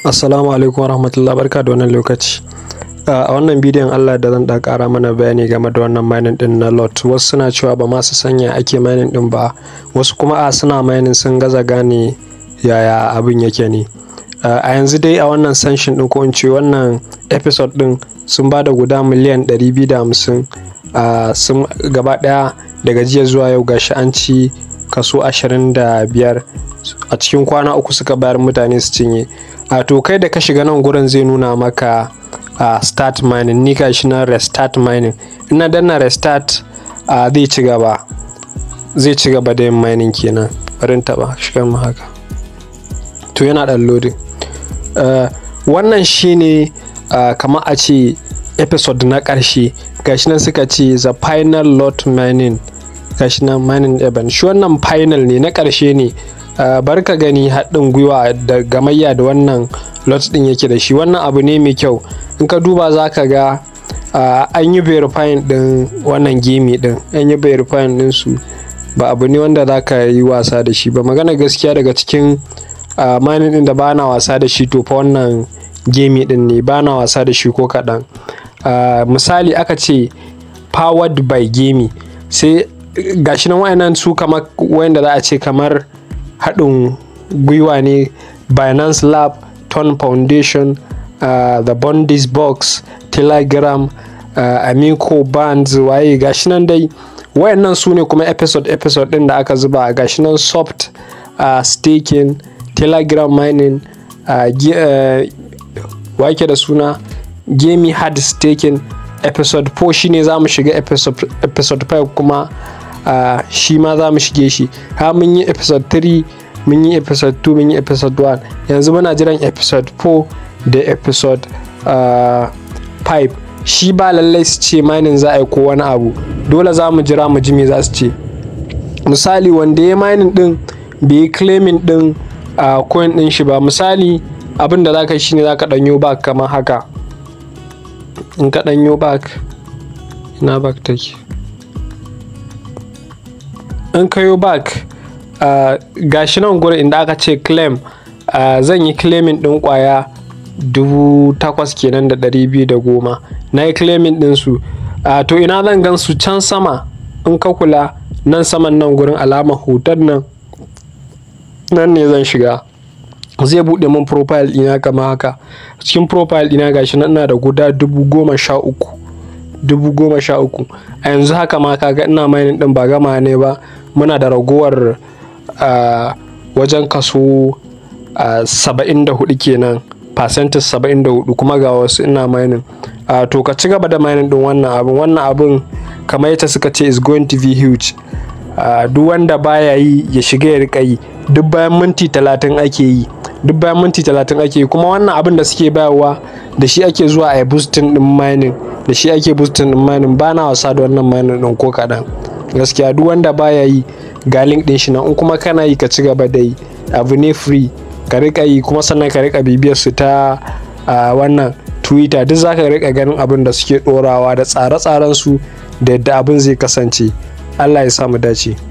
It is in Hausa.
assalamu alaikum warahmatullahi barka da wannan lokaci a wannan bidiyon allah da zan ƙara mana bayani game da wannan mining din na lot wasu suna cewa ba masu sanya ake mining din ba wasu kuma a suna mining sun gaza gane yaya abin yake ne a yanzu dai a wannan sanshin din ko in ce wannan episode din sun ba da guda miliyan 250 sun gaba daya daga jiya zuwa yau gashi an ci kaso da biyar. a cikin kwana uku suka bayar mutane su cinye a to kai da ka shiga nan gurin zai nuna maka a start mining ni gashi na restart mining ina danna restart a zai ci gaba zai ci gaba da yin mining kenan barin taba shigan mu haka to yana dan loading wannan shine kamar a ce episode na ƙarshe gashi nan suka ce the final lot mining gashi nan mining event shi wannan final ne na ƙarshe ne Eh, barka gani haɗin gwiwa da gamayya da wannan lot ɗin yake da shi wannan abu ne mai kyau in ka duba za ka ga eh, an yi verifying ɗin wannan gemi ɗin an yi verifying ɗin su ba abu ne wanda za ka yi wasa da shi ba magana gaskiya daga cikin eh, mining ɗin da ba na wasa da shi to fa wannan gemi ɗin ne ba na wasa da shi ko kaɗan misali aka ce powered by gemi sai gashi nan wayannan su kamar wayanda za a ce kamar haɗin gwiwa ne binance lab ton foundation uh, the bondis box telegram uh, amico bands waye gashi nan dai wayannan su ne kuma episode episode ɗin da aka zuba gashi nan soft uh, staking telegram mining uh, uh, wake da suna gemi hard staking episode 4 shine za mu shiga episode, episode 5 kuma a shi ma za mu shige shi ha mun yi episode 3 mun yi episode 2 mun yi episode 1 yanzu muna jiran episode 4 da episode 5 shi ba lallai su ce mining za a yi ko wani abu dole za mu jira mu ji me za su ce misali wanda ya mining din bai yi claiming din a coin din shi ba misali abin da zaka za zaka danyo back kamar haka in ka danyo back ina back take in ka yi back uh, gashi nan gurin inda aka ce claim uh, zan yi claiming ɗin kwaya dubu takwas kenan da ɗari biyu da goma na yi claiming su uh, to ina zan gan su can sama in ka kula nan saman nan gurin alama hotar nan nan ne zan shiga zai buɗe min profile ɗina kama haka cikin profile ɗina gashi nan ina da guda dubu goma sha uku dubu goma sha uku a yanzu haka ma kaga ina mining ɗin ba gama ne ba muna da ragowar wajen kaso 74 kenan percentage 74 kuma ga wasu ina mining to ka ci gaba da mining din wannan abin wannan abin kamar yadda suka ce is going to be huge duk wanda baya yi ya shiga ya rika yi duk bayan minti 30 ake yi duk bayan minti 30 ake yi kuma wannan abin da suke bayarwa da shi ake zuwa a yi boosting din mining da shi ake boosting din mining ba na wasa da wannan mining din ko kaɗan gaskiya duk wanda baya yi ga link din shi nan in kuma kana yi ka ci gaba da yi abu ne free ka rika yi kuma sannan ka rika bibiyar su ta wannan twitter duk zaka rika ganin abin da suke dorawa da tsare-tsaren su da yadda abin zai kasance allah ya sa mu dace